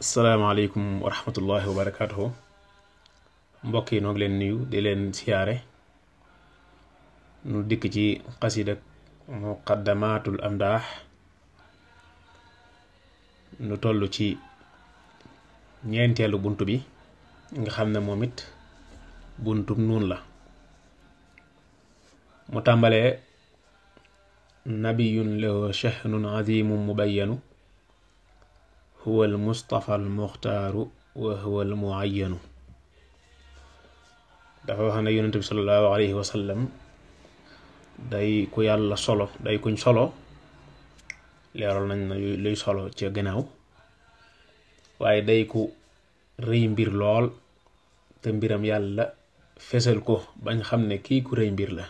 asalaamaaleykum wa rahmatullahi wa barakaatuhu mbokk yi noo ngi leen nuyu di leen siyaare nu dikk ci xasidak muqaddamatul amdaax nu toll ci ñeenteelu bunt bi nga xam ne moom it buntum nuun la mu tàmbalee nabiyun lahu shahnun azimun mubayyanu huwa al mustafa al muxtaaru wa huwa al muayyanu dafa wax ne yonent bi sallallahu alayhi wa day ku yàlla solo day kuñ solo leeral nañ na luy solo ca ginnaaw waaye day ku rëy mbir lool te mbiram yàlla fesal ko bañ xam ne kii ku rëy mbir la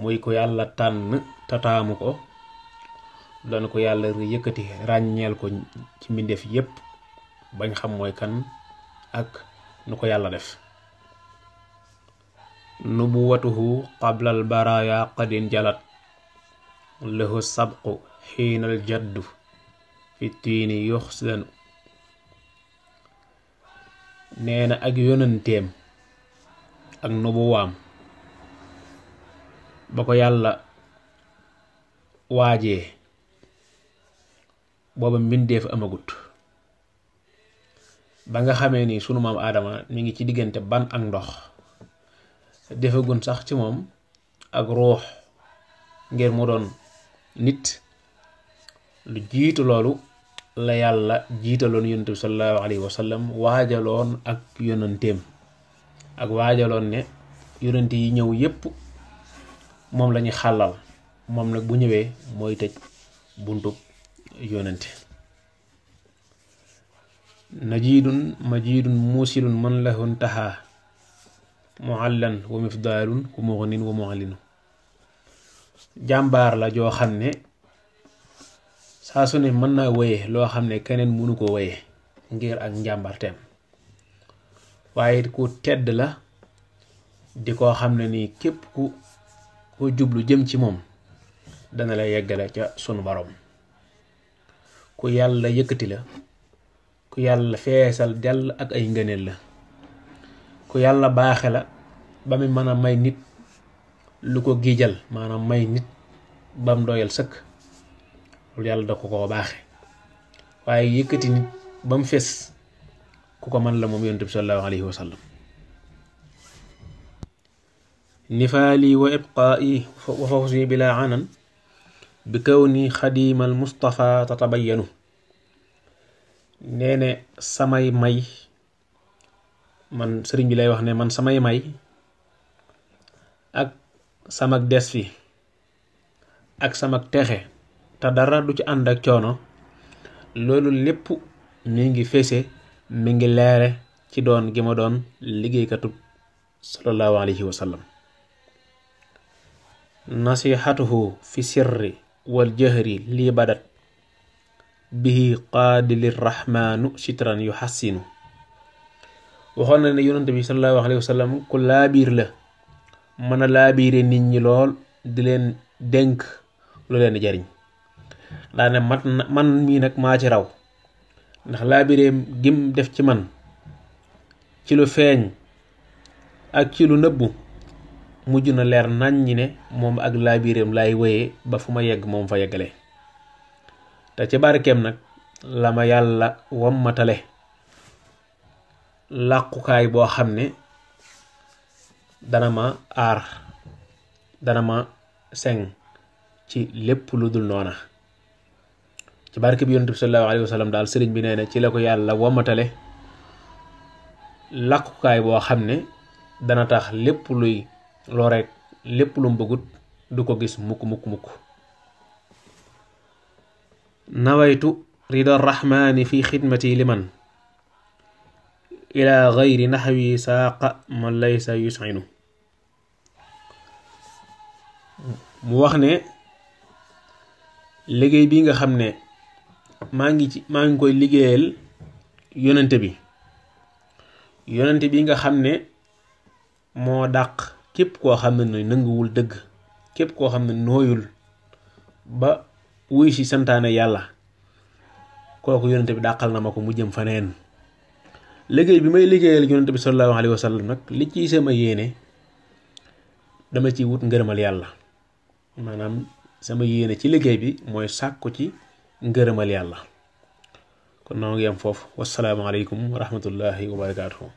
muy ko yàlla tànn tataamu ko doon ko yàlla yëkkati ràññeel ko ci mbindeef yépp bañ xam mooy kan ak nu ko yàlla def nubuwatuhu qablal baraya qadin jalat lahu sabqu xiinal jaddu fi tiini yuxsanu nee na ak yonanteem ak nubuwaam ba ko yàlla waajee booba mbindeef amagut ba nga xamee ni sunu maam aadama mi ngi ci diggante ban ak ndox defagun sax ci moom ak ruux ngir mu doon nit lu jiitu loolu la yàlla jiitaloon yonent bi sallallahu alayhi wa sallam waajaloon ak yonanteem ak waajaloon ne yonent yi ñëw yépp moom lañuy ñuy xàllal moom nag bu ñëwee mooy tëj buntub yonente najiidun majiidun muusilun man lahun taxaa muallan wa mifdaalun wa muxnin wa muallinu jàmbaar la joo xam ne saa su ne mën naa woye loo xam ne keneen mënu ko woye ngir ak njàmbarteem waaye ku tedd la di koo xam ne nii képp ku ko jublu jëm ci moom dana la yeggale ca sunu borom ku yàlla yëkkati la ku yàlla feesal dell ak ay ngëneel la ku yàlla baaxe la ba mu mën a may nit lu ko giijal maanaam may nit bam doyal sëkk yàlla da ko koo baaxe waaye yëkkati nit ba mu fees ku ko man la moom yonent bi sallallahu alayhi wa sallam nifaali wa ibqaa'i wa fawzi bila anan bi kawni xadimal mustafa tatabayanu nee ne samay may man sëriñ bi lay wax ne man samay may ak samak des fi ak samak texe te dara du ci ànd ak coono loolu lépp mi ngi fese mi ngi leere ci doon gi ma doon liggéeykatub sallallahu alayhi wa sallam nasihatuhu fi sirri wal jahri lii badat bihi qaadili rahmaanu sitran yu xassinu waxoon na ne yonante bi sallallahu alayhi wa sallam ku laabiir la mën a laabiire nit ñi lool di leen dénk lu leen jariñ daa mat na man mii nag maa ci raw ndax laabireem gim def ci man ci lu feeñ ak ci lu nëbbu mujj na leer nañ ñi ne moom ak laabireem lay wéyee ba fu ma yegg moom fa yeggale te ci barkeem nag la ma yàlla wammatale làqukaay boo xam ne dana ma aar dana ma seng ci lépp lu dul noona ci barke bi yonent bi sallallahu alayhi wa daal sëriñ bi nee na ci la ko yàlla womatale làkkukaay boo xam ne dana tax lépp luy looreek lépp lu mu du ko gis mukk mukk mukk nawaytu rida rahmaani fi xidmati liman ila gayri naxwi saaqa man laysa yusinu mu wax ne liggéey bi nga xam ne maa ngi ci maa ngi koy liggéeyal yonante bi yonente bi nga xam ne moo dàq képp koo xam ne nanguwul dëgg képp koo xam ne nooyul ba wuy si santaane yàlla kooku yonente bi dàqal na ma ko mu jëm faneen liggéey bi may liggéeyal yonente bi sallallahu alayhi wa sallam nag li ciy sama yéene dama ciy wut ngërëmal yàlla maanaam sama yéene ci liggéey bi mooy sàkku ci ngërëmal yàlla kon noonu ngi am foofu wasalaamaaleykum wa rahmatullahi wa barakaatuhu